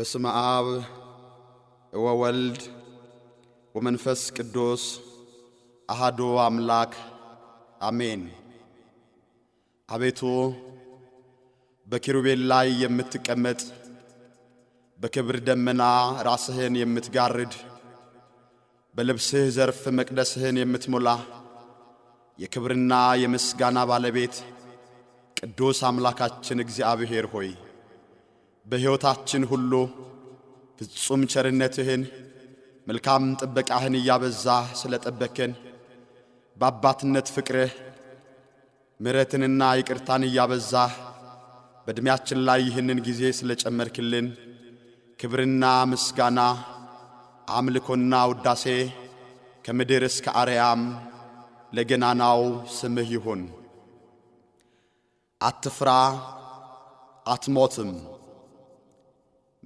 በስመ አብ ወወልድ ወመንፈስ ቅዱስ አሃዶ አምላክ አሜን። አቤቱ በኪሩቤል ላይ የምትቀመጥ በክብር ደመና ራስህን የምትጋርድ በልብስህ ዘርፍ መቅደስህን የምትሞላ የክብርና የምስጋና ባለቤት ቅዱስ አምላካችን እግዚአብሔር ሆይ በሕይወታችን ሁሉ ፍጹም ቸርነትህን መልካም ጥበቃህን እያበዛ ስለ ጠበከን በአባትነት ፍቅርህ ምሕረትንና ይቅርታን እያበዛ በዕድሜያችን ላይ ይህንን ጊዜ ስለ ጨመርክልን ክብርና ምስጋና አምልኮና ውዳሴ ከምድር እስከ አርያም ለገናናው ስምህ ይሁን። አትፍራ፣ አትሞትም።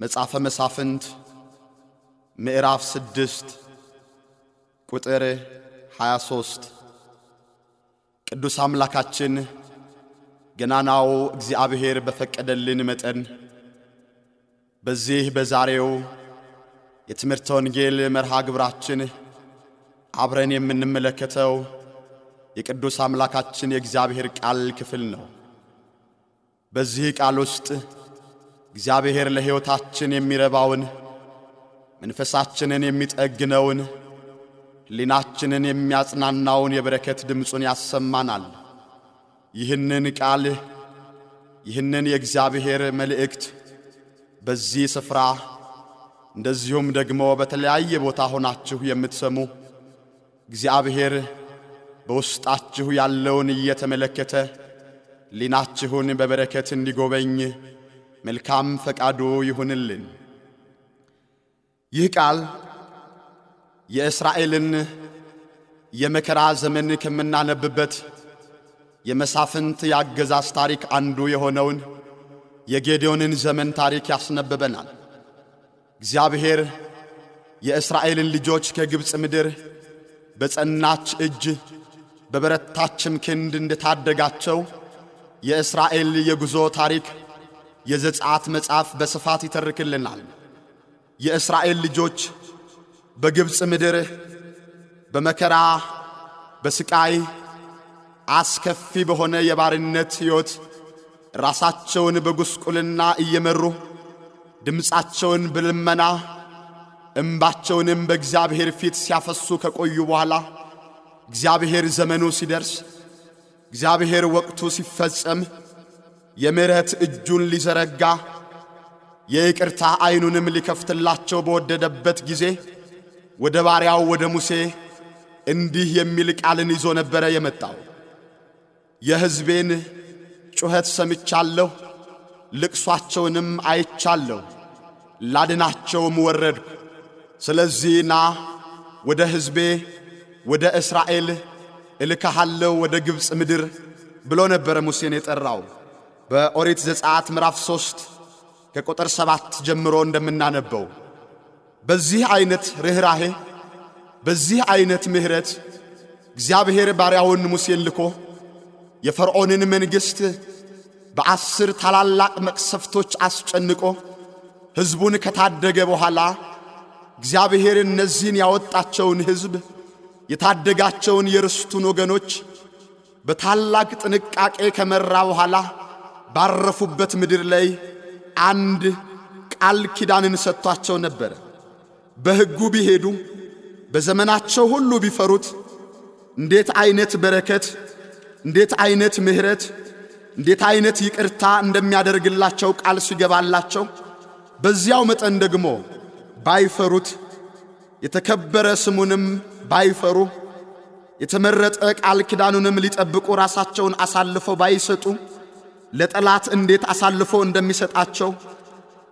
መጽሐፈ መሳፍንት ምዕራፍ ስድስት ቁጥር 23 ቅዱስ አምላካችን ገናናው እግዚአብሔር በፈቀደልን መጠን በዚህ በዛሬው የትምህርተ ወንጌል መርሃ ግብራችን አብረን የምንመለከተው የቅዱስ አምላካችን የእግዚአብሔር ቃል ክፍል ነው። በዚህ ቃል ውስጥ እግዚአብሔር ለሕይወታችን የሚረባውን መንፈሳችንን የሚጠግነውን ሕሊናችንን የሚያጽናናውን የበረከት ድምፁን ያሰማናል። ይህንን ቃል ይህንን የእግዚአብሔር መልእክት በዚህ ስፍራ እንደዚሁም ደግሞ በተለያየ ቦታ ሆናችሁ የምትሰሙ እግዚአብሔር በውስጣችሁ ያለውን እየተመለከተ ሕሊናችሁን በበረከት እንዲጎበኝ መልካም ፈቃዱ ይሁንልን። ይህ ቃል የእስራኤልን የመከራ ዘመን ከምናነብበት የመሳፍንት የአገዛዝ ታሪክ አንዱ የሆነውን የጌዴዮንን ዘመን ታሪክ ያስነብበናል። እግዚአብሔር የእስራኤልን ልጆች ከግብፅ ምድር በጸናች እጅ በበረታችም ክንድ እንደታደጋቸው የእስራኤል የጉዞ ታሪክ የዘጸአት መጽሐፍ በስፋት ይተርክልናል። የእስራኤል ልጆች በግብፅ ምድር በመከራ በስቃይ አስከፊ በሆነ የባርነት ሕይወት ራሳቸውን በጉስቁልና እየመሩ ድምፃቸውን በልመና እምባቸውንም በእግዚአብሔር ፊት ሲያፈሱ ከቆዩ በኋላ እግዚአብሔር ዘመኑ ሲደርስ እግዚአብሔር ወቅቱ ሲፈጸም የምሕረት እጁን ሊዘረጋ የይቅርታ ዐይኑንም ሊከፍትላቸው በወደደበት ጊዜ ወደ ባሪያው ወደ ሙሴ እንዲህ የሚል ቃልን ይዞ ነበረ የመጣው። የሕዝቤን ጩኸት ሰምቻለሁ፣ ልቅሷቸውንም አይቻለሁ፣ ላድናቸውም ወረድኩ። ስለዚህ ና ወደ ሕዝቤ ወደ እስራኤል እልካሃለሁ ወደ ግብፅ ምድር ብሎ ነበረ ሙሴን የጠራው። በኦሪት ዘጸአት ምዕራፍ ሦስት ከቁጥር ሰባት ጀምሮ እንደምናነበው በዚህ አይነት ርኅራሄ በዚህ አይነት ምሕረት እግዚአብሔር ባሪያውን ሙሴን ልኮ የፈርዖንን መንግሥት በአስር ታላላቅ መቅሰፍቶች አስጨንቆ ሕዝቡን ከታደገ በኋላ እግዚአብሔር እነዚህን ያወጣቸውን ሕዝብ የታደጋቸውን የርስቱን ወገኖች በታላቅ ጥንቃቄ ከመራ በኋላ ባረፉበት ምድር ላይ አንድ ቃል ኪዳንን ሰጥቷቸው ነበረ። በሕጉ ቢሄዱ በዘመናቸው ሁሉ ቢፈሩት እንዴት አይነት በረከት፣ እንዴት አይነት ምሕረት፣ እንዴት አይነት ይቅርታ እንደሚያደርግላቸው ቃል ሲገባላቸው በዚያው መጠን ደግሞ ባይፈሩት የተከበረ ስሙንም ባይፈሩ የተመረጠ ቃል ኪዳኑንም ሊጠብቁ ራሳቸውን አሳልፈው ባይሰጡ ለጠላት እንዴት አሳልፎ እንደሚሰጣቸው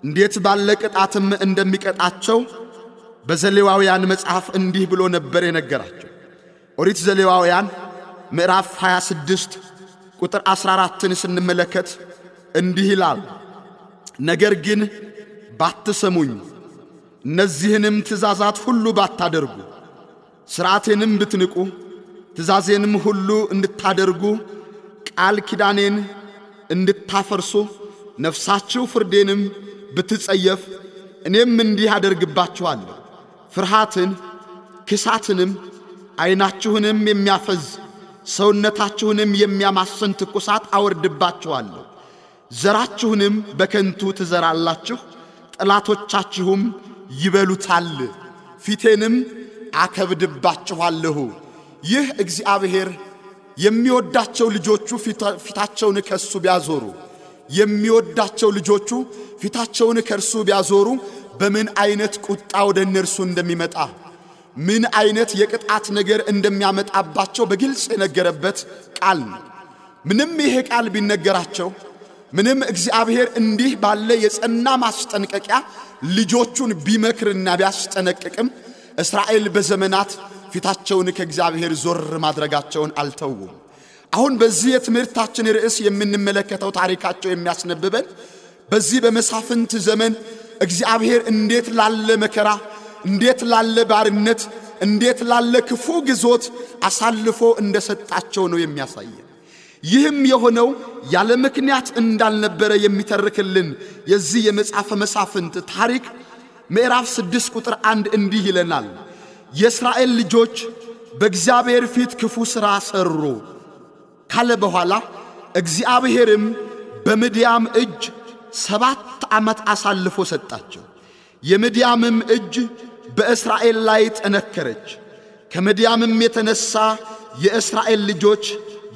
እንዴት ባለ ቅጣትም እንደሚቀጣቸው በዘሌዋውያን መጽሐፍ እንዲህ ብሎ ነበር የነገራቸው። ኦሪት ዘሌዋውያን ምዕራፍ 26 ቁጥር 14ን ስንመለከት እንዲህ ይላል፣ ነገር ግን ባትሰሙኝ እነዚህንም ትእዛዛት ሁሉ ባታደርጉ ሥርዓቴንም ብትንቁ ትእዛዜንም ሁሉ እንድታደርጉ ቃል ኪዳኔን እንድታፈርሱ ነፍሳችሁ ፍርዴንም ብትጸየፍ እኔም እንዲህ አደርግባችኋለሁ፣ ፍርሃትን ክሳትንም ዐይናችሁንም የሚያፈዝ ሰውነታችሁንም የሚያማስን ትኩሳት አወርድባችኋለሁ። ዘራችሁንም በከንቱ ትዘራላችሁ፣ ጠላቶቻችሁም ይበሉታል፣ ፊቴንም አከብድባችኋለሁ። ይህ እግዚአብሔር የሚወዳቸው ልጆቹ ፊታቸውን ከሱ ቢያዞሩ የሚወዳቸው ልጆቹ ፊታቸውን ከእርሱ ቢያዞሩ በምን አይነት ቁጣ ወደ እነርሱ እንደሚመጣ ምን አይነት የቅጣት ነገር እንደሚያመጣባቸው በግልጽ የነገረበት ቃል ነው። ምንም ይሄ ቃል ቢነገራቸው ምንም እግዚአብሔር እንዲህ ባለ የጸና ማስጠንቀቂያ ልጆቹን ቢመክርና ቢያስጠነቅቅም እስራኤል በዘመናት ፊታቸውን ከእግዚአብሔር ዞር ማድረጋቸውን አልተውም። አሁን በዚህ የትምህርታችን ርዕስ የምንመለከተው ታሪካቸው የሚያስነብበን በዚህ በመሳፍንት ዘመን እግዚአብሔር እንዴት ላለ መከራ፣ እንዴት ላለ ባርነት፣ እንዴት ላለ ክፉ ግዞት አሳልፎ እንደሰጣቸው ነው የሚያሳየን። ይህም የሆነው ያለ ምክንያት እንዳልነበረ የሚተርክልን የዚህ የመጽሐፈ መሳፍንት ታሪክ ምዕራፍ ስድስት ቁጥር አንድ እንዲህ ይለናል። የእስራኤል ልጆች በእግዚአብሔር ፊት ክፉ ሥራ ሠሩ ካለ በኋላ እግዚአብሔርም በምድያም እጅ ሰባት ዓመት አሳልፎ ሰጣቸው። የምድያምም እጅ በእስራኤል ላይ ጠነከረች። ከምድያምም የተነሣ የእስራኤል ልጆች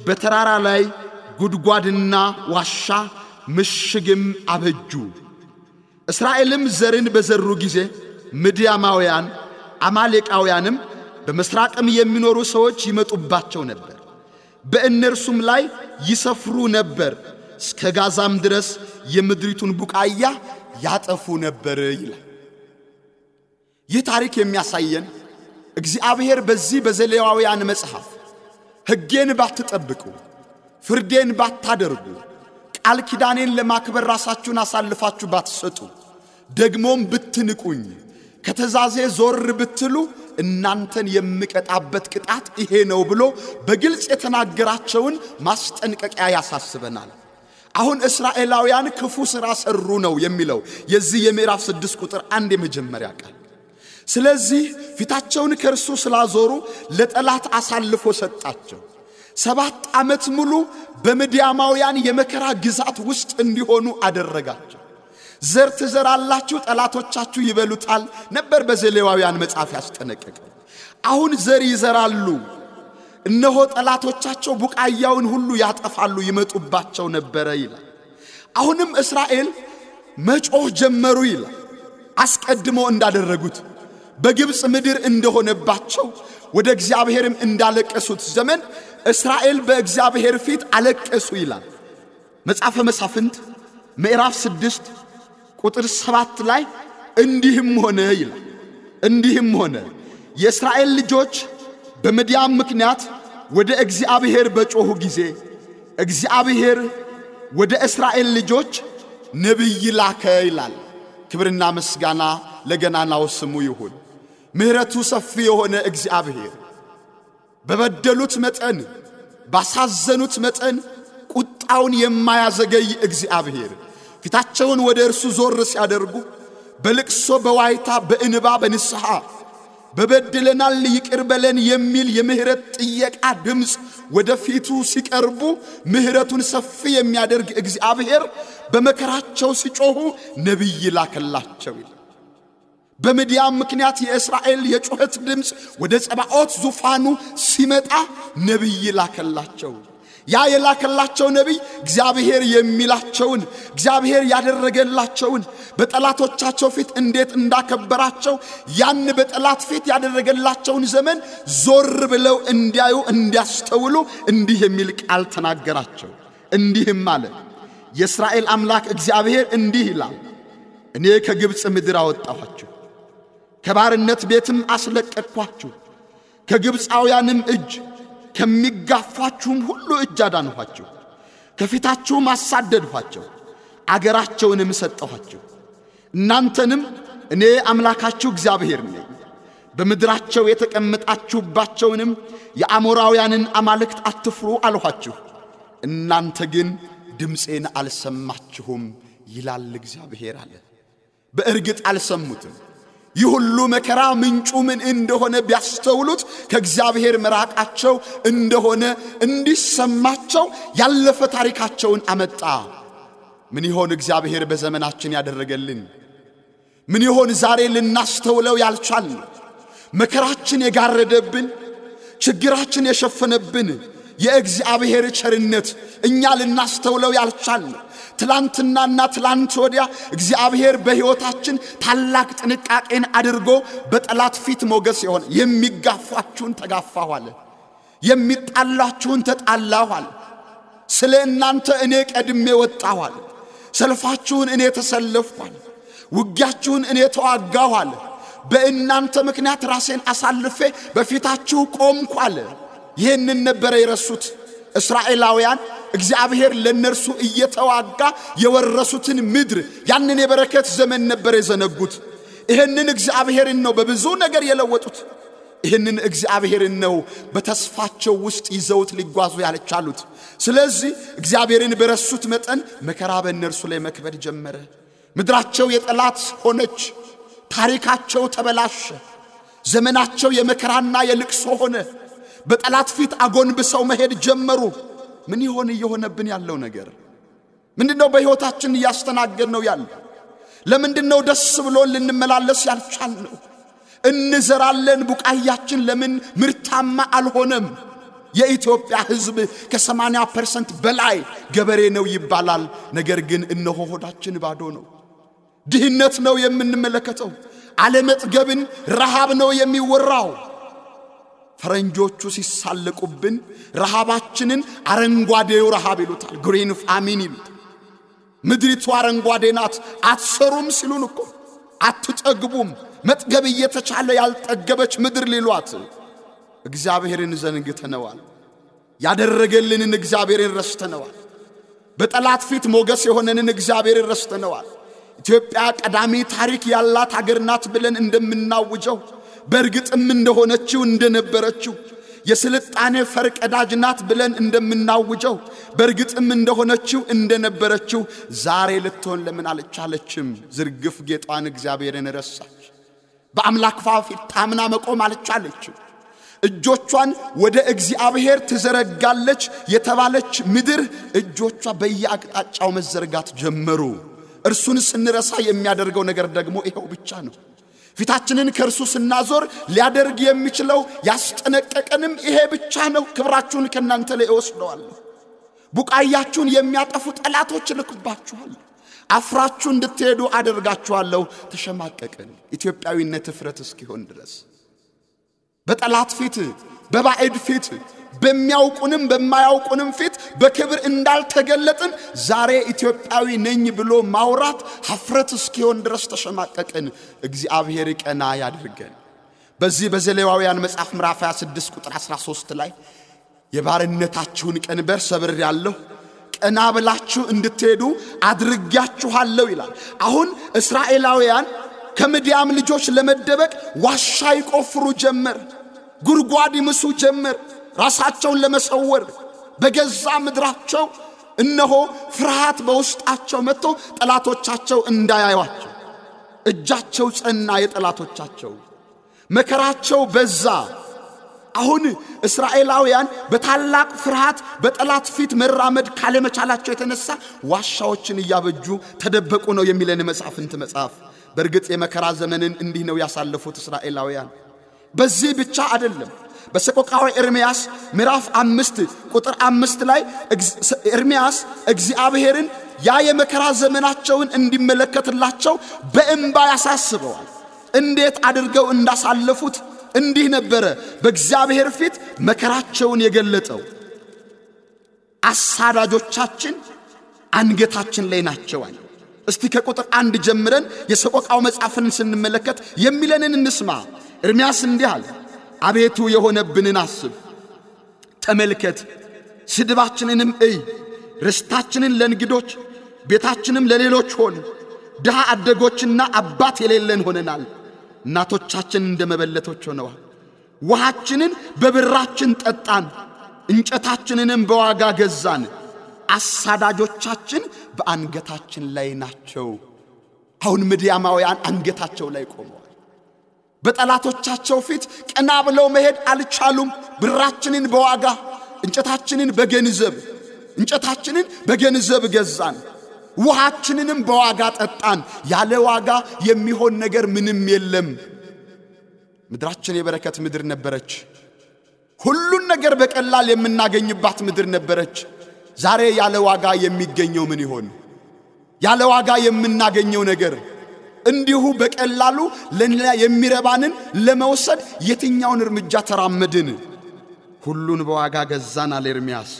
በተራራ ላይ ጉድጓድና ዋሻ ምሽግም አበጁ። እስራኤልም ዘርን በዘሩ ጊዜ ምድያማውያን አማሌቃውያንም በመስራቅም የሚኖሩ ሰዎች ይመጡባቸው ነበር፣ በእነርሱም ላይ ይሰፍሩ ነበር፣ እስከ ጋዛም ድረስ የምድሪቱን ቡቃያ ያጠፉ ነበር ይላል። ይህ ታሪክ የሚያሳየን እግዚአብሔር በዚህ በዘሌዋውያን መጽሐፍ ሕጌን ባትጠብቁ፣ ፍርዴን ባታደርጉ፣ ቃል ኪዳኔን ለማክበር ራሳችሁን አሳልፋችሁ ባትሰጡ፣ ደግሞም ብትንቁኝ ከትእዛዜ ዞር ብትሉ እናንተን የምቀጣበት ቅጣት ይሄ ነው ብሎ በግልጽ የተናገራቸውን ማስጠንቀቂያ ያሳስበናል። አሁን እስራኤላውያን ክፉ ሥራ ሠሩ ነው የሚለው የዚህ የምዕራፍ ስድስት ቁጥር አንድ የመጀመሪያ ቃል። ስለዚህ ፊታቸውን ከእርሱ ስላዞሩ ለጠላት አሳልፎ ሰጣቸው። ሰባት ዓመት ሙሉ በምድያማውያን የመከራ ግዛት ውስጥ እንዲሆኑ አደረጋቸው። ዘር ትዘራላችሁ፣ ጠላቶቻችሁ ይበሉታል ነበር በዘሌዋውያን መጽሐፍ ያስጠነቀቀው። አሁን ዘር ይዘራሉ፣ እነሆ ጠላቶቻቸው ቡቃያውን ሁሉ ያጠፋሉ፣ ይመጡባቸው ነበረ ይላል። አሁንም እስራኤል መጮህ ጀመሩ ይላል። አስቀድሞ እንዳደረጉት በግብፅ ምድር እንደሆነባቸው ወደ እግዚአብሔርም እንዳለቀሱት ዘመን እስራኤል በእግዚአብሔር ፊት አለቀሱ ይላል መጽሐፈ መሳፍንት ምዕራፍ ስድስት ቁጥር ሰባት ላይ እንዲህም ሆነ ይላል። እንዲህም ሆነ የእስራኤል ልጆች በምድያም ምክንያት ወደ እግዚአብሔር በጮኹ ጊዜ እግዚአብሔር ወደ እስራኤል ልጆች ነቢይ ላከ ይላል። ክብርና ምስጋና ለገናናው ስሙ ይሁን። ምሕረቱ ሰፊ የሆነ እግዚአብሔር በበደሉት መጠን ባሳዘኑት መጠን ቁጣውን የማያዘገይ እግዚአብሔር ፊታቸውን ወደ እርሱ ዞር ሲያደርጉ በልቅሶ በዋይታ በእንባ በንስሐ በበድለናል ይቅር በለን የሚል የምህረት ጥየቃ ድምፅ ወደ ፊቱ ሲቀርቡ ምህረቱን ሰፊ የሚያደርግ እግዚአብሔር በመከራቸው ሲጮኹ ነቢይ ላከላቸው ይላል። በምድያም ምክንያት የእስራኤል የጩኸት ድምፅ ወደ ጸባኦት ዙፋኑ ሲመጣ ነቢይ ላከላቸው። ያ የላከላቸው ነቢይ እግዚአብሔር የሚላቸውን እግዚአብሔር ያደረገላቸውን በጠላቶቻቸው ፊት እንዴት እንዳከበራቸው ያን በጠላት ፊት ያደረገላቸውን ዘመን ዞር ብለው እንዲያዩ እንዲያስተውሉ እንዲህ የሚል ቃል ተናገራቸው። እንዲህም አለ፣ የእስራኤል አምላክ እግዚአብሔር እንዲህ ይላል፣ እኔ ከግብፅ ምድር አወጣኋችሁ፣ ከባርነት ቤትም አስለቀቅኳችሁ፣ ከግብፃውያንም እጅ ከሚጋፏችሁም ሁሉ እጅ አዳንኋቸው፣ ከፊታችሁም አሳደድኋቸው፣ አገራቸውንም ሰጠኋቸው። እናንተንም እኔ አምላካችሁ እግዚአብሔር ነኝ። በምድራቸው የተቀመጣችሁባቸውንም የአሞራውያንን አማልክት አትፍሩ አልኋችሁ። እናንተ ግን ድምፄን አልሰማችሁም ይላል እግዚአብሔር አለ። በእርግጥ አልሰሙትም። ይህ ሁሉ መከራ ምንጩ ምን እንደሆነ ቢያስተውሉት ከእግዚአብሔር መራቃቸው እንደሆነ እንዲሰማቸው ያለፈ ታሪካቸውን አመጣ። ምን ይሆን እግዚአብሔር በዘመናችን ያደረገልን? ምን ይሆን ዛሬ ልናስተውለው ያልቻልን? መከራችን የጋረደብን፣ ችግራችን የሸፈነብን የእግዚአብሔር ቸርነት እኛ ልናስተውለው ያልቻልን ትላንትናና ትላንት ወዲያ እግዚአብሔር በሕይወታችን ታላቅ ጥንቃቄን አድርጎ በጠላት ፊት ሞገስ የሆነ የሚጋፋችሁን ተጋፋኋል። የሚጣላችሁን ተጣላኋል ስለ እናንተ እኔ ቀድሜ ወጣኋል ሰልፋችሁን እኔ ተሰለፍሁ ውጊያችሁን እኔ ተዋጋኋል! በእናንተ ምክንያት ራሴን አሳልፌ በፊታችሁ ቆምኳል። ይህንን ነበረ የረሱት እስራኤላውያን እግዚአብሔር ለእነርሱ እየተዋጋ የወረሱትን ምድር ያንን የበረከት ዘመን ነበር የዘነጉት። ይህንን እግዚአብሔርን ነው በብዙ ነገር የለወጡት። ይህንን እግዚአብሔርን ነው በተስፋቸው ውስጥ ይዘውት ሊጓዙ ያልቻሉት። ስለዚህ እግዚአብሔርን በረሱት መጠን መከራ በእነርሱ ላይ መክበድ ጀመረ። ምድራቸው የጠላት ሆነች። ታሪካቸው ተበላሸ። ዘመናቸው የመከራና የልቅሶ ሆነ። በጠላት ፊት አጎንብሰው መሄድ ጀመሩ። ምን ይሆን እየሆነብን ያለው ነገር? ምንድነው በሕይወታችን እያስተናገድ ነው ያለ? ለምንድነው ደስ ብሎን ልንመላለስ ያልቻል ነው? እንዘራለን፣ ቡቃያችን ለምን ምርታማ አልሆነም? የኢትዮጵያ ሕዝብ ከ80 ፐርሰንት በላይ ገበሬ ነው ይባላል። ነገር ግን እነሆ ሆዳችን ባዶ ነው። ድህነት ነው የምንመለከተው። አለመጥገብን፣ ረሃብ ነው የሚወራው። ፈረንጆቹ ሲሳለቁብን ረሃባችንን አረንጓዴው ረሃብ ይሉታል። ግሪን ፋሚን ይሉታል። ምድሪቱ አረንጓዴ ናት አትሰሩም ሲሉን እኮ አትጠግቡም፣ መጥገብ እየተቻለ ያልጠገበች ምድር ሊሏት እግዚአብሔርን ዘንግተነዋል። ያደረገልንን እግዚአብሔርን ረስተነዋል። በጠላት ፊት ሞገስ የሆነንን እግዚአብሔርን ረስተነዋል። ኢትዮጵያ ቀዳሚ ታሪክ ያላት አገር ናት ብለን እንደምናውጀው በእርግጥም እንደሆነችው እንደነበረችው የስልጣኔ ፈርቀዳጅ ናት ብለን እንደምናውጀው በእርግጥም እንደሆነችው እንደነበረችው ዛሬ ልትሆን ለምን አልቻለችም? ዝርግፍ ጌጧን እግዚአብሔርን ረሳች። በአምላክ ፊት ታምና መቆም አልቻለችም። እጆቿን ወደ እግዚአብሔር ትዘረጋለች የተባለች ምድር እጆቿ በየአቅጣጫው መዘርጋት ጀመሩ። እርሱን ስንረሳ የሚያደርገው ነገር ደግሞ ይኸው ብቻ ነው። ፊታችንን ከእርሱ ስናዞር ሊያደርግ የሚችለው ያስጠነቀቀንም ይሄ ብቻ ነው። ክብራችሁን ከእናንተ ላይ እወስደዋለሁ። ቡቃያችሁን የሚያጠፉ ጠላቶች እልክባችኋል። አፍራችሁ እንድትሄዱ አደርጋችኋለሁ። ተሸማቀቅን፣ ኢትዮጵያዊነት እፍረት እስኪሆን ድረስ በጠላት ፊት በባዕድ ፊት በሚያውቁንም በማያውቁንም ፊት በክብር እንዳልተገለጥን ዛሬ ኢትዮጵያዊ ነኝ ብሎ ማውራት ሀፍረት እስኪሆን ድረስ ተሸማቀቅን። እግዚአብሔር ቀና ያድርገን። በዚህ በዘሌዋውያን መጽሐፍ ምዕራፍ 26 ቁጥር 13 ላይ የባርነታችሁን ቀንበር ሰብር ያለሁ ቀና ብላችሁ እንድትሄዱ አድርጊያችኋለሁ ይላል። አሁን እስራኤላውያን ከምድያም ልጆች ለመደበቅ ዋሻ ይቆፍሩ ጀመር፣ ጉድጓድ ይምሱ ጀመር። ራሳቸውን ለመሰወር በገዛ ምድራቸው እነሆ ፍርሃት በውስጣቸው መጥቶ ጠላቶቻቸው እንዳያዩቸው እጃቸው ጸና። የጠላቶቻቸው መከራቸው በዛ። አሁን እስራኤላውያን በታላቅ ፍርሃት በጠላት ፊት መራመድ ካለመቻላቸው የተነሳ ዋሻዎችን እያበጁ ተደበቁ ነው የሚለን መጽሐፍንት መጽሐፍ። በእርግጥ የመከራ ዘመንን እንዲህ ነው ያሳለፉት እስራኤላውያን። በዚህ ብቻ አይደለም። በሰቆቃወ ኤርምያስ ምዕራፍ አምስት ቁጥር አምስት ላይ ኤርምያስ እግዚአብሔርን ያ የመከራ ዘመናቸውን እንዲመለከትላቸው በእንባ ያሳስበዋል። እንዴት አድርገው እንዳሳለፉት እንዲህ ነበረ በእግዚአብሔር ፊት መከራቸውን የገለጠው። አሳዳጆቻችን አንገታችን ላይ ናቸዋል። እስቲ ከቁጥር አንድ ጀምረን የሰቆቃው መጽሐፍን ስንመለከት የሚለንን እንስማ። ኤርምያስ እንዲህ አለ፦ አቤቱ የሆነብንን አስብ፣ ተመልከት፣ ስድባችንንም እይ። ርስታችንን ለእንግዶች ቤታችንም ለሌሎች ሆን። ድሃ አደጎችና አባት የሌለን ሆነናል። እናቶቻችን እንደ መበለቶች ሆነዋል። ውሃችንን በብራችን ጠጣን፣ እንጨታችንንም በዋጋ ገዛን። አሳዳጆቻችን በአንገታችን ላይ ናቸው። አሁን ምድያማውያን አንገታቸው ላይ ቆመዋል። በጠላቶቻቸው ፊት ቀና ብለው መሄድ አልቻሉም። ብራችንን በዋጋ እንጨታችንን በገንዘብ እንጨታችንን በገንዘብ ገዛን፣ ውሃችንንም በዋጋ ጠጣን። ያለ ዋጋ የሚሆን ነገር ምንም የለም። ምድራችን የበረከት ምድር ነበረች። ሁሉን ነገር በቀላል የምናገኝባት ምድር ነበረች። ዛሬ ያለ ዋጋ የሚገኘው ምን ይሆን? ያለ ዋጋ የምናገኘው ነገር እንዲሁ በቀላሉ ለእኛ የሚረባንን ለመውሰድ የትኛውን እርምጃ ተራመድን? ሁሉን በዋጋ ገዛን አለ ኤርምያስ።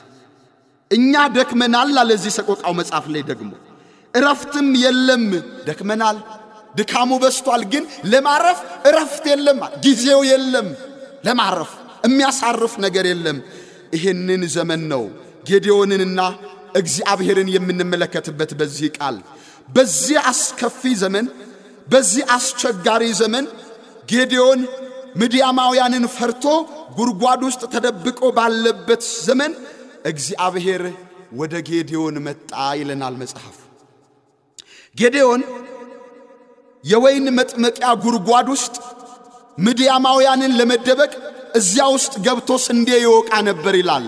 እኛ ደክመናል አለ እዚህ ሰቆቃው መጽሐፍ ላይ ደግሞ እረፍትም የለም። ደክመናል፣ ድካሙ በስቷል። ግን ለማረፍ እረፍት የለም፣ ጊዜው የለም። ለማረፍ የሚያሳርፍ ነገር የለም። ይህንን ዘመን ነው ጌዴዎንንና እግዚአብሔርን የምንመለከትበት በዚህ ቃል በዚህ አስከፊ ዘመን በዚህ አስቸጋሪ ዘመን ጌዴዎን ምድያማውያንን ፈርቶ ጉድጓድ ውስጥ ተደብቆ ባለበት ዘመን እግዚአብሔር ወደ ጌዴዎን መጣ ይለናል መጽሐፍ። ጌዴዎን የወይን መጥመቂያ ጉድጓድ ውስጥ ምድያማውያንን ለመደበቅ እዚያ ውስጥ ገብቶ ስንዴ ይወቃ ነበር ይላል።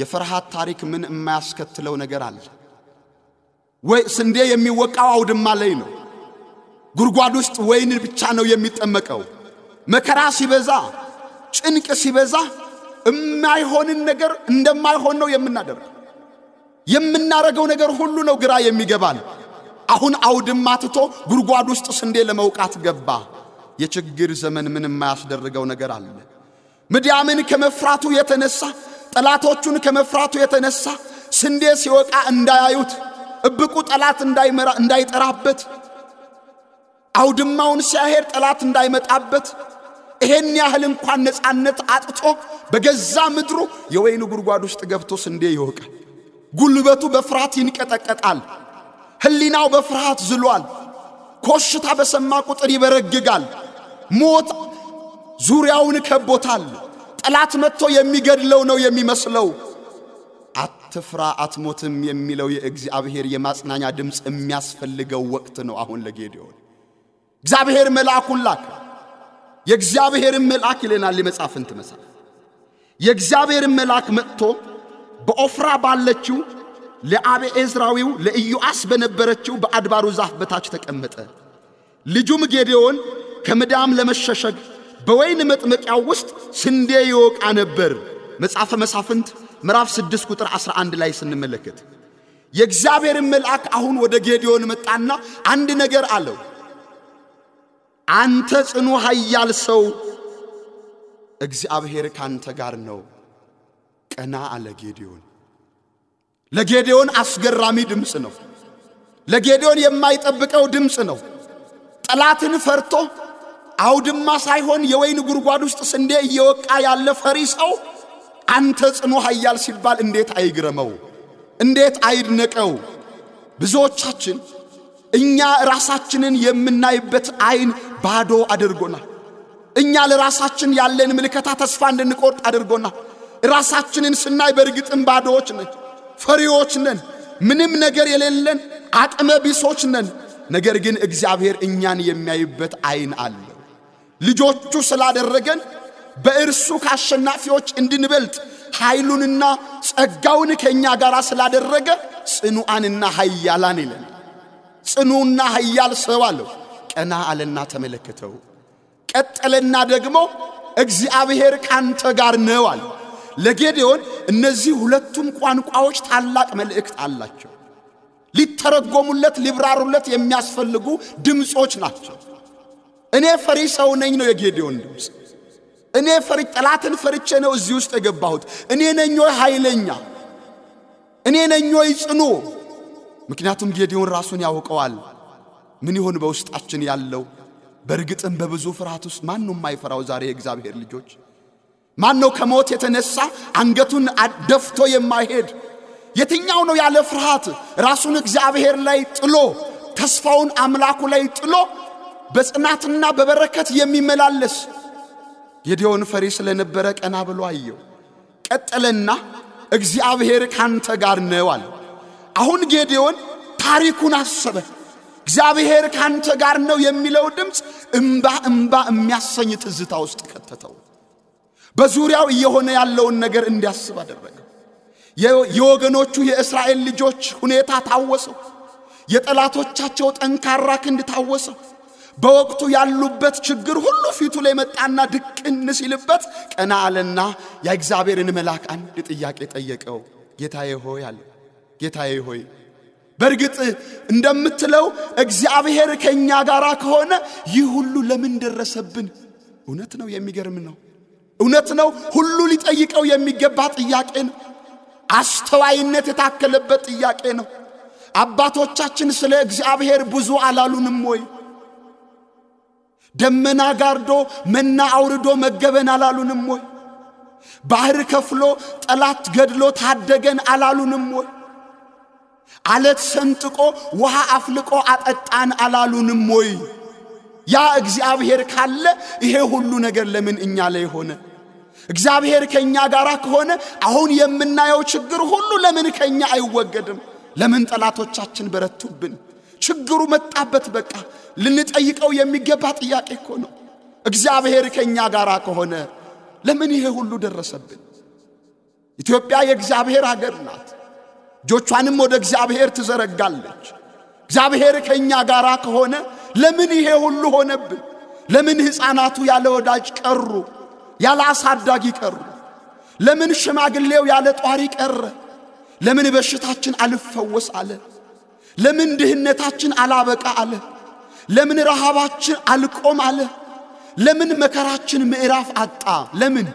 የፍርሃት ታሪክ ምን የማያስከትለው ነገር አለ ወይ? ስንዴ የሚወቃው አውድማ ላይ ነው። ጉድጓድ ውስጥ ወይን ብቻ ነው የሚጠመቀው። መከራ ሲበዛ፣ ጭንቅ ሲበዛ የማይሆንን ነገር እንደማይሆን ነው የምናደርግ። የምናረገው ነገር ሁሉ ነው ግራ የሚገባን። አሁን አውድማ ትቶ ጉድጓድ ውስጥ ስንዴ ለመውቃት ገባ። የችግር ዘመን ምን የማያስደርገው ነገር አለ? ምድያምን ከመፍራቱ የተነሳ ጠላቶቹን ከመፍራቱ የተነሳ ስንዴ ሲወቃ እንዳያዩት እብቁ ጠላት እንዳይጠራበት አውድማውን ሲያሄድ ጠላት እንዳይመጣበት ይሄን ያህል እንኳን ነፃነት አጥቶ በገዛ ምድሩ የወይኑ ጉድጓድ ውስጥ ገብቶ ስንዴ ይወቃል። ጉልበቱ በፍርሃት ይንቀጠቀጣል። ሕሊናው በፍርሃት ዝሏል። ኮሽታ በሰማ ቁጥር ይበረግጋል። ሞት ዙሪያውን ከቦታል። ጠላት መጥቶ የሚገድለው ነው የሚመስለው። አትፍራ አትሞትም የሚለው የእግዚአብሔር የማጽናኛ ድምፅ የሚያስፈልገው ወቅት ነው አሁን ለጌዴዎን እግዚአብሔር መልአኩን ላከ። የእግዚአብሔርን መልአክ ይለናል የመጻፍንት መጽሐፍ። የእግዚአብሔርን መልአክ መጥቶ በኦፍራ ባለችው ለአብዔዝራዊው ለኢዮአስ በነበረችው በአድባሩ ዛፍ በታች ተቀመጠ። ልጁም ጌዴዎን ከምድያም ለመሸሸግ በወይን መጥመቂያው ውስጥ ስንዴ ይወቃ ነበር። መጽሐፈ መሳፍንት ምዕራፍ 6 ቁጥር 11 ላይ ስንመለከት የእግዚአብሔርን መልአክ አሁን ወደ ጌዴዎን መጣና አንድ ነገር አለው። አንተ ጽኑ ኃያል ሰው እግዚአብሔር ካንተ ጋር ነው። ቀና አለ ጌዴዎን። ለጌዴዎን አስገራሚ ድምፅ ነው። ለጌዴዎን የማይጠብቀው ድምፅ ነው። ጠላትን ፈርቶ አውድማ ሳይሆን የወይን ጉድጓድ ውስጥ ስንዴ እየወቃ ያለ ፈሪ ሰው አንተ ጽኑ ኃያል ሲባል እንዴት አይግረመው? እንዴት አይድነቀው? ብዙዎቻችን እኛ ራሳችንን የምናይበት አይን ባዶ አድርጎናል። እኛ ለራሳችን ያለን ምልከታ ተስፋ እንድንቆርጥ አድርጎናል። ራሳችንን ስናይ በእርግጥም ባዶዎች ነን፣ ፈሪዎች ነን፣ ምንም ነገር የሌለን አቅመ ቢሶች ነን። ነገር ግን እግዚአብሔር እኛን የሚያይበት አይን አለው። ልጆቹ ስላደረገን በእርሱ ከአሸናፊዎች እንድንበልጥ ኃይሉንና ጸጋውን ከእኛ ጋር ስላደረገ ጽኑዓንና ኃያላን ይለን። ጽኑና ኃያል ሰው አለው። ቀና አለና ተመለከተው። ቀጠለና ደግሞ እግዚአብሔር ካንተ ጋር ነው አለ። ለጌዴዎን እነዚህ ሁለቱም ቋንቋዎች ታላቅ መልእክት አላቸው። ሊተረጎሙለት ሊብራሩለት የሚያስፈልጉ ድምፆች ናቸው። እኔ ፈሪ ሰው ነኝ ነው የጌዴዎን ድምፅ። እኔ ፈሪ ጠላትን ፈርቼ ነው እዚህ ውስጥ የገባሁት። እኔ ነኞ ኃይለኛ፣ እኔ ነኞ ጽኑ ምክንያቱም ጌዲዮን ራሱን ያውቀዋል። ምን ይሆን በውስጣችን ያለው? በእርግጥም በብዙ ፍርሃት ውስጥ ማን ነው የማይፈራው? ዛሬ የእግዚአብሔር ልጆች ማን ነው ከሞት የተነሳ አንገቱን ደፍቶ የማይሄድ? የትኛው ነው ያለ ፍርሃት ራሱን እግዚአብሔር ላይ ጥሎ ተስፋውን አምላኩ ላይ ጥሎ በጽናትና በበረከት የሚመላለስ? ጌዲዮን ፈሪ ስለነበረ ቀና ብሎ አየው። ቀጠለና እግዚአብሔር ካንተ ጋር ነው አለ። አሁን ጌዴዎን ታሪኩን አሰበ። እግዚአብሔር ካንተ ጋር ነው የሚለው ድምፅ እምባ እምባ የሚያሰኝ ትዝታ ውስጥ ከተተው። በዙሪያው እየሆነ ያለውን ነገር እንዲያስብ አደረገው። የወገኖቹ የእስራኤል ልጆች ሁኔታ ታወሰው። የጠላቶቻቸው ጠንካራ ክንድ ታወሰው። በወቅቱ ያሉበት ችግር ሁሉ ፊቱ ላይ መጣና ድቅን ሲልበት ቀና አለና የእግዚአብሔርን መልአክ አንድ ጥያቄ ጠየቀው። ጌታዬ ሆይ አለ ጌታዬ ሆይ በእርግጥ እንደምትለው እግዚአብሔር ከእኛ ጋር ከሆነ ይህ ሁሉ ለምን ደረሰብን? እውነት ነው። የሚገርም ነው። እውነት ነው። ሁሉ ሊጠይቀው የሚገባ ጥያቄ ነው። አስተዋይነት የታከለበት ጥያቄ ነው። አባቶቻችን ስለ እግዚአብሔር ብዙ አላሉንም ወይ? ደመና ጋርዶ መና አውርዶ መገበን አላሉንም ወይ? ባህር ከፍሎ ጠላት ገድሎ ታደገን አላሉንም ወይ? አለት ሰንጥቆ ውሃ አፍልቆ አጠጣን አላሉንም ወይ? ያ እግዚአብሔር ካለ ይሄ ሁሉ ነገር ለምን እኛ ላይ ሆነ? እግዚአብሔር ከእኛ ጋር ከሆነ አሁን የምናየው ችግር ሁሉ ለምን ከእኛ አይወገድም? ለምን ጠላቶቻችን በረቱብን? ችግሩ መጣበት። በቃ ልንጠይቀው የሚገባ ጥያቄ እኮ ነው። እግዚአብሔር ከእኛ ጋር ከሆነ ለምን ይሄ ሁሉ ደረሰብን? ኢትዮጵያ የእግዚአብሔር ሀገር ናት። እጆቿንም ወደ እግዚአብሔር ትዘረጋለች። እግዚአብሔር ከእኛ ጋር ከሆነ ለምን ይሄ ሁሉ ሆነብን? ለምን ሕፃናቱ ያለ ወዳጅ ቀሩ? ያለ አሳዳጊ ቀሩ? ለምን ሽማግሌው ያለ ጧሪ ቀረ? ለምን በሽታችን አልፈወስ አለ? ለምን ድህነታችን አላበቃ አለ? ለምን ረሃባችን አልቆም አለ? ለምን መከራችን ምዕራፍ አጣ? ለምን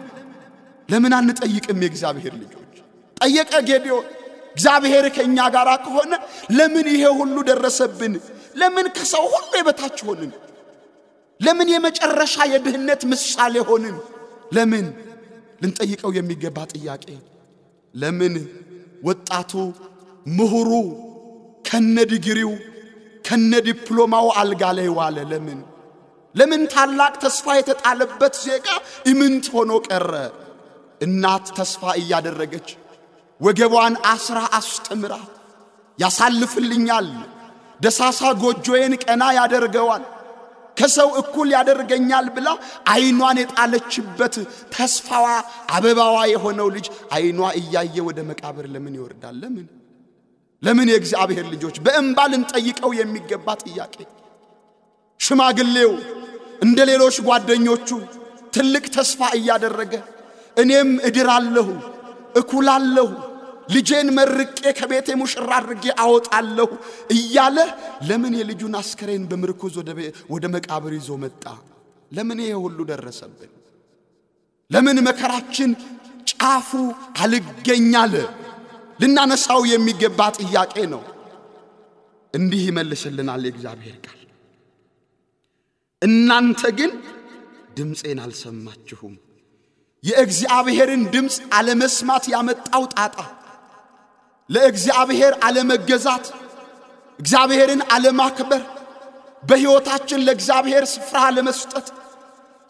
ለምን አንጠይቅም? የእግዚአብሔር ልጆች ጠየቀ ጌዲዮን። እግዚአብሔር ከእኛ ጋር ከሆነ ለምን ይሄ ሁሉ ደረሰብን? ለምን ከሰው ሁሉ የበታች ሆንን? ለምን የመጨረሻ የድህነት ምሳሌ ሆንን? ለምን ልንጠይቀው የሚገባ ጥያቄ። ለምን ወጣቱ ምሁሩ ከነ ዲግሪው ከነ ዲፕሎማው አልጋ ላይ ዋለ? ለምን ለምን ታላቅ ተስፋ የተጣለበት ዜጋ ኢምንት ሆኖ ቀረ? እናት ተስፋ እያደረገች ወገቧን አስራ አስጥምራት። ያሳልፍልኛል፣ ደሳሳ ጎጆዬን ቀና ያደርገዋል፣ ከሰው እኩል ያደርገኛል ብላ አይኗን የጣለችበት ተስፋዋ አበባዋ የሆነው ልጅ አይኗ እያየ ወደ መቃብር ለምን ይወርዳል? ለምን ለምን? የእግዚአብሔር ልጆች በእንባ ልንጠይቀው የሚገባ ጥያቄ። ሽማግሌው እንደ ሌሎች ጓደኞቹ ትልቅ ተስፋ እያደረገ እኔም እድራለሁ እኩላለሁ፣ ልጄን መርቄ ከቤቴ ሙሽራ አድርጌ አወጣለሁ እያለ ለምን የልጁን አስከሬን በምርኩዝ ወደ መቃብር ይዞ መጣ? ለምን ይሄ ሁሉ ደረሰብን? ለምን መከራችን ጫፉ አልገኛለ? ልናነሳው የሚገባ ጥያቄ ነው። እንዲህ ይመልስልናል የእግዚአብሔር ቃል። እናንተ ግን ድምፄን አልሰማችሁም የእግዚአብሔርን ድምፅ አለመስማት ያመጣው ጣጣ፣ ለእግዚአብሔር አለመገዛት፣ እግዚአብሔርን አለማክበር፣ በሕይወታችን ለእግዚአብሔር ስፍራ አለመስጠት፣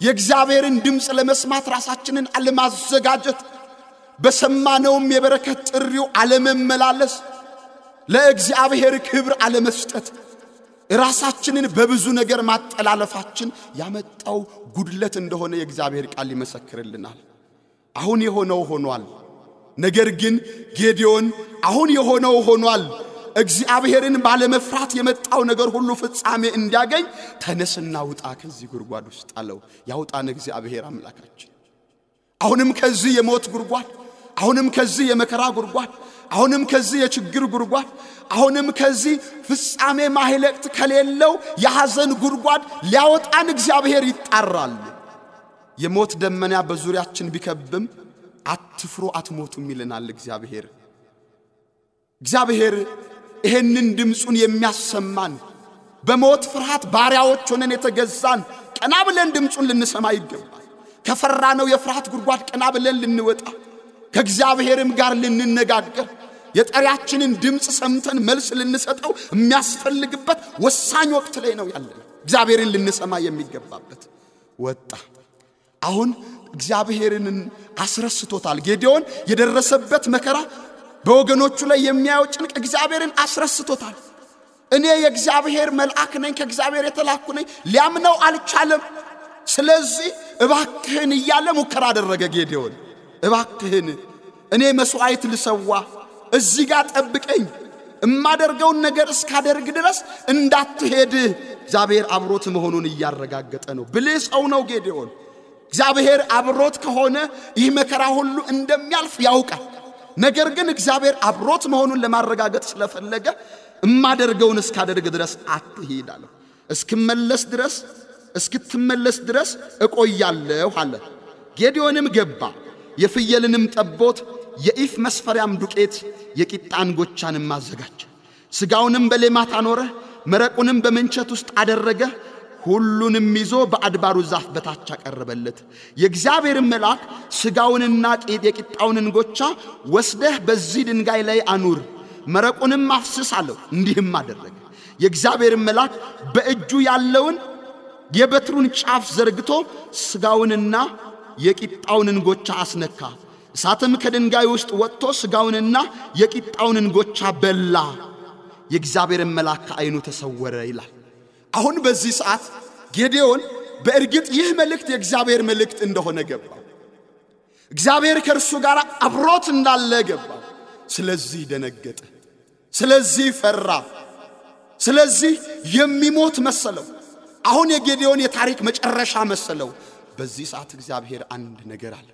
የእግዚአብሔርን ድምፅ ለመስማት ራሳችንን አለማዘጋጀት፣ በሰማነውም የበረከት ጥሪው አለመመላለስ፣ ለእግዚአብሔር ክብር አለመስጠት ራሳችንን በብዙ ነገር ማጠላለፋችን ያመጣው ጉድለት እንደሆነ የእግዚአብሔር ቃል ይመሰክርልናል። አሁን የሆነው ሆኗል። ነገር ግን ጌዴዎን አሁን የሆነው ሆኗል። እግዚአብሔርን ባለመፍራት የመጣው ነገር ሁሉ ፍጻሜ እንዲያገኝ ተነስና ውጣ ከዚህ ጉድጓድ ውስጥ አለው። ያውጣን እግዚአብሔር አምላካችን። አሁንም ከዚህ የሞት ጉድጓድ፣ አሁንም ከዚህ የመከራ ጉድጓድ አሁንም ከዚህ የችግር ጉድጓድ አሁንም ከዚህ ፍጻሜ ማህለቅት ከሌለው የሐዘን ጉድጓድ ሊያወጣን እግዚአብሔር ይጣራል። የሞት ደመና በዙሪያችን ቢከብም አትፍሩ አትሞቱም ይልናል እግዚአብሔር። እግዚአብሔር ይህንን ድምፁን የሚያሰማን በሞት ፍርሃት ባሪያዎች ሆነን የተገዛን ቀና ብለን ድምፁን ልንሰማ ይገባል። ከፈራነው የፍርሃት ጉርጓድ ቀና ብለን ልንወጣ ከእግዚአብሔርም ጋር ልንነጋገር የጠሪያችንን ድምፅ ሰምተን መልስ ልንሰጠው የሚያስፈልግበት ወሳኝ ወቅት ላይ ነው ያለን። እግዚአብሔርን ልንሰማ የሚገባበት ወጣ። አሁን እግዚአብሔርን አስረስቶታል። ጌዲዮን የደረሰበት መከራ፣ በወገኖቹ ላይ የሚያየው ጭንቅ እግዚአብሔርን አስረስቶታል። እኔ የእግዚአብሔር መልአክ ነኝ፣ ከእግዚአብሔር የተላኩ ነኝ፣ ሊያምነው አልቻለም። ስለዚህ እባክህን እያለ ሙከራ አደረገ ጌዲዮን እባክህን እኔ መሥዋዕት ልሰዋ፣ እዚህ ጋር ጠብቀኝ፣ እማደርገውን ነገር እስካደርግ ድረስ እንዳትሄድ። እግዚአብሔር አብሮት መሆኑን እያረጋገጠ ነው። ብልህ ሰው ነው ጌዴዎን። እግዚአብሔር አብሮት ከሆነ ይህ መከራ ሁሉ እንደሚያልፍ ያውቃል። ነገር ግን እግዚአብሔር አብሮት መሆኑን ለማረጋገጥ ስለፈለገ እማደርገውን እስካደርግ ድረስ አትሂድ አለ። እስክመለስ ድረስ እስክትመለስ ድረስ እቆያለሁ አለ። ጌዴዎንም ገባ። የፍየልንም ጠቦት፣ የኢፍ መስፈሪያም ዱቄት፣ የቂጣ እንጎቻንም አዘጋጀ። ሥጋውንም በሌማት አኖረ፣ መረቁንም በምንቸት ውስጥ አደረገ። ሁሉንም ይዞ በአድባሩ ዛፍ በታች አቀረበለት። የእግዚአብሔርን መልአክ ሥጋውንና የቂጣውን እንጎቻ ወስደህ በዚህ ድንጋይ ላይ አኑር፣ መረቁንም አፍስስ አለው። እንዲህም አደረገ። የእግዚአብሔርን መልአክ በእጁ ያለውን የበትሩን ጫፍ ዘርግቶ ሥጋውንና የቂጣውን እንጎቻ አስነካ። እሳትም ከድንጋይ ውስጥ ወጥቶ ሥጋውንና የቂጣውን እንጎቻ በላ። የእግዚአብሔርን መልአክ ከዓይኑ ተሰወረ ይላል። አሁን በዚህ ሰዓት ጌዴዎን በእርግጥ ይህ መልእክት የእግዚአብሔር መልእክት እንደሆነ ገባው። እግዚአብሔር ከእርሱ ጋር አብሮት እንዳለ ገባ ስለዚህ ደነገጠ። ስለዚህ ፈራ። ስለዚህ የሚሞት መሰለው። አሁን የጌዴዎን የታሪክ መጨረሻ መሰለው። በዚህ ሰዓት እግዚአብሔር አንድ ነገር አለ።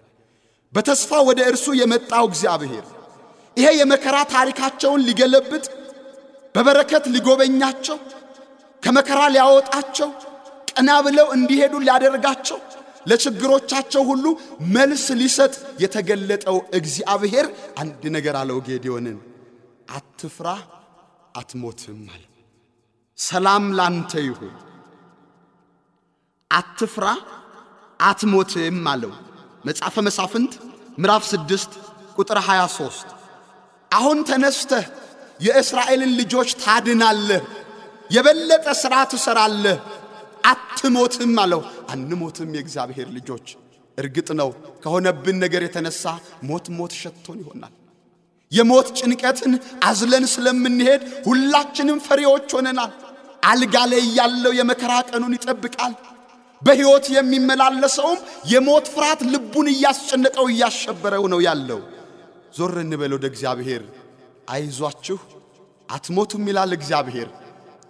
በተስፋ ወደ እርሱ የመጣው እግዚአብሔር ይሄ የመከራ ታሪካቸውን ሊገለብጥ በበረከት ሊጎበኛቸው ከመከራ ሊያወጣቸው ቀና ብለው እንዲሄዱ ሊያደርጋቸው ለችግሮቻቸው ሁሉ መልስ ሊሰጥ የተገለጠው እግዚአብሔር አንድ ነገር አለው ጌዲዮንን፣ አትፍራ አትሞትም አለ። ሰላም ላንተ ይሁን፣ አትፍራ አትሞትም አለው። መጽሐፈ መሳፍንት ምዕራፍ 6 ቁጥር 23። አሁን ተነስተህ የእስራኤልን ልጆች ታድናለህ፣ የበለጠ ሥራ ትሠራለህ፣ አትሞትም አለው። አንሞትም የእግዚአብሔር ልጆች። እርግጥ ነው ከሆነብን ነገር የተነሳ ሞት ሞት ሸቶን ይሆናል። የሞት ጭንቀትን አዝለን ስለምንሄድ ሁላችንም ፈሪዎች ሆነናል። አልጋ ላይ ያለው የመከራ ቀኑን ይጠብቃል። በሕይወት የሚመላለሰውም የሞት ፍርሃት ልቡን እያስጨነቀው እያሸበረው ነው ያለው። ዞር እንበል ወደ እግዚአብሔር። አይዟችሁ አትሞቱም ይላል እግዚአብሔር።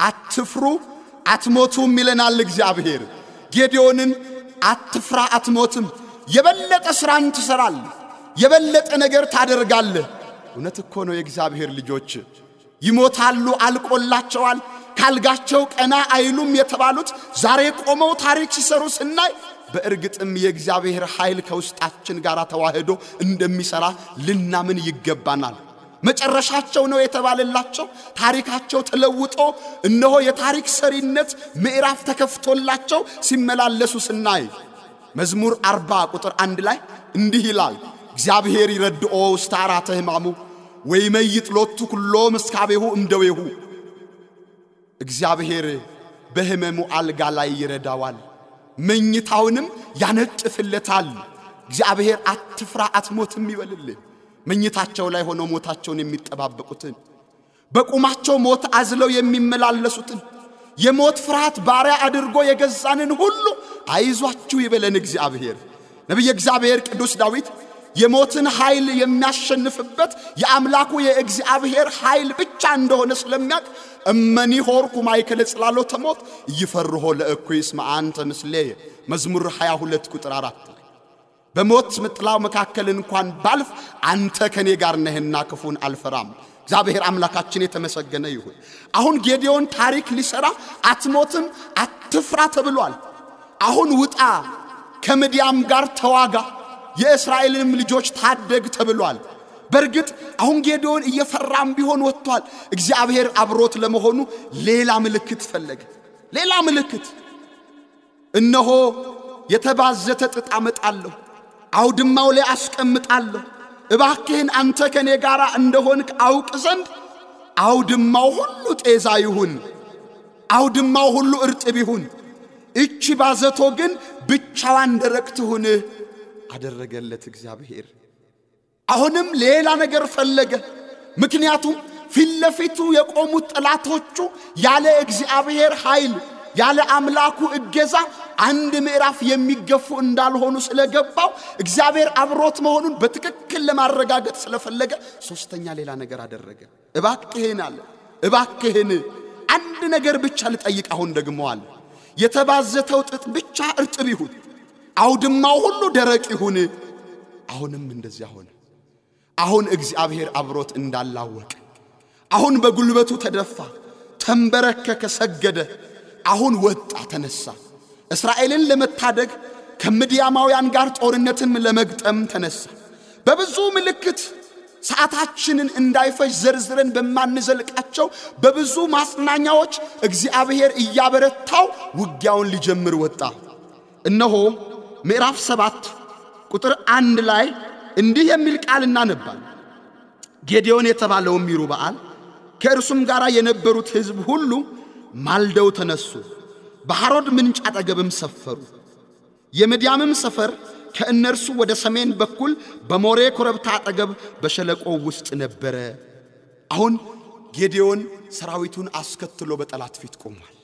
አትፍሩ አትሞቱም ይለናል እግዚአብሔር። ጌዴዎንን አትፍራ አትሞትም፣ የበለጠ ሥራን ትሠራለህ፣ የበለጠ ነገር ታደርጋለህ። እውነት እኮ ነው። የእግዚአብሔር ልጆች ይሞታሉ፣ አልቆላቸዋል። ካልጋቸው ቀና አይሉም የተባሉት ዛሬ ቆመው ታሪክ ሲሰሩ ስናይ በእርግጥም የእግዚአብሔር ኃይል ከውስጣችን ጋር ተዋህዶ እንደሚሰራ ልናምን ይገባናል። መጨረሻቸው ነው የተባለላቸው ታሪካቸው ተለውጦ እነሆ የታሪክ ሰሪነት ምዕራፍ ተከፍቶላቸው ሲመላለሱ ስናይ መዝሙር አርባ ቁጥር አንድ ላይ እንዲህ ይላል፣ እግዚአብሔር ይረድኦ ውስተ አራተ ሕማሙ ወይመይጥ ሎቱ ኩሎ ምስካቤሁ እምደዌሁ እግዚአብሔር በሕመሙ አልጋ ላይ ይረዳዋል፣ መኝታውንም ያነጥፍለታል። እግዚአብሔር አትፍራ አትሞትም ይበልልህ። መኝታቸው ላይ ሆነው ሞታቸውን የሚጠባበቁትን በቁማቸው ሞት አዝለው የሚመላለሱትን የሞት ፍርሃት ባሪያ አድርጎ የገዛንን ሁሉ አይዟችሁ ይበለን እግዚአብሔር። ነቢየ እግዚአብሔር ቅዱስ ዳዊት የሞትን ኃይል የሚያሸንፍበት የአምላኩ የእግዚአብሔር ኃይል ብቻ እንደሆነ ስለሚያውቅ እመኒ ሆርኩ ማይከል ጽላሎ ተሞት እይፈርሆ ለእኩ እስመ አንተ ምስሌየ መዝሙር 22 ቁጥር 4 በሞት ምጥላው መካከል እንኳን ባልፍ አንተ ከኔ ጋር ነህና ክፉን አልፈራም። እግዚአብሔር አምላካችን የተመሰገነ ይሁን። አሁን ጌዲዮን ታሪክ ሊሰራ አትሞትም፣ አትፍራ ተብሏል። አሁን ውጣ፣ ከምድያም ጋር ተዋጋ የእስራኤልንም ልጆች ታደግ ተብሏል። በእርግጥ አሁን ጌዴዎን እየፈራም ቢሆን ወጥቷል። እግዚአብሔር አብሮት ለመሆኑ ሌላ ምልክት ፈለገ። ሌላ ምልክት እነሆ የተባዘተ ጥጥ አመጣለሁ፣ አውድማው ላይ አስቀምጣለሁ። እባክህን አንተ ከእኔ ጋር እንደሆንክ አውቅ ዘንድ አውድማው ሁሉ ጤዛ ይሁን፣ አውድማው ሁሉ እርጥብ ይሁን፣ እቺ ባዘቶ ግን ብቻዋን ደረቅ ትሁንህ አደረገለት እግዚአብሔር። አሁንም ሌላ ነገር ፈለገ። ምክንያቱም ፊት ለፊቱ የቆሙት ጠላቶቹ ያለ እግዚአብሔር ኃይል ያለ አምላኩ እገዛ አንድ ምዕራፍ የሚገፉ እንዳልሆኑ ስለገባው እግዚአብሔር አብሮት መሆኑን በትክክል ለማረጋገጥ ስለፈለገ ሶስተኛ ሌላ ነገር አደረገ። እባክህን አለ፣ እባክህን አንድ ነገር ብቻ ልጠይቅ። አሁን ደግሞ አለ የተባዘተው ጥጥ ብቻ እርጥብ ይሁን አውድማው ሁሉ ደረቅ ይሁን። አሁንም እንደዚያ ሆነ። አሁን እግዚአብሔር አብሮት እንዳላወቀ አሁን በጉልበቱ ተደፋ፣ ተንበረከከ፣ ሰገደ። አሁን ወጣ፣ ተነሳ። እስራኤልን ለመታደግ ከምድያማውያን ጋር ጦርነትም ለመግጠም ተነሳ። በብዙ ምልክት ሰዓታችንን እንዳይፈጅ ዘርዝረን በማንዘልቃቸው በብዙ ማጽናኛዎች እግዚአብሔር እያበረታው ውጊያውን ሊጀምር ወጣ። እነሆ ምዕራፍ ሰባት ቁጥር አንድ ላይ እንዲህ የሚል ቃል እናነባል። የተባለው ሚሩ በዓል ከእርሱም ጋር የነበሩት ሕዝብ ሁሉ ማልደው ተነሱ፣ በሐሮድ ምንጭ አጠገብም ሰፈሩ። የምድያምም ሰፈር ከእነርሱ ወደ ሰሜን በኩል በሞሬ ኮረብታ አጠገብ በሸለቆው ውስጥ ነበረ። አሁን ጌዴዎን ሰራዊቱን አስከትሎ በጠላት ፊት ቆሟል።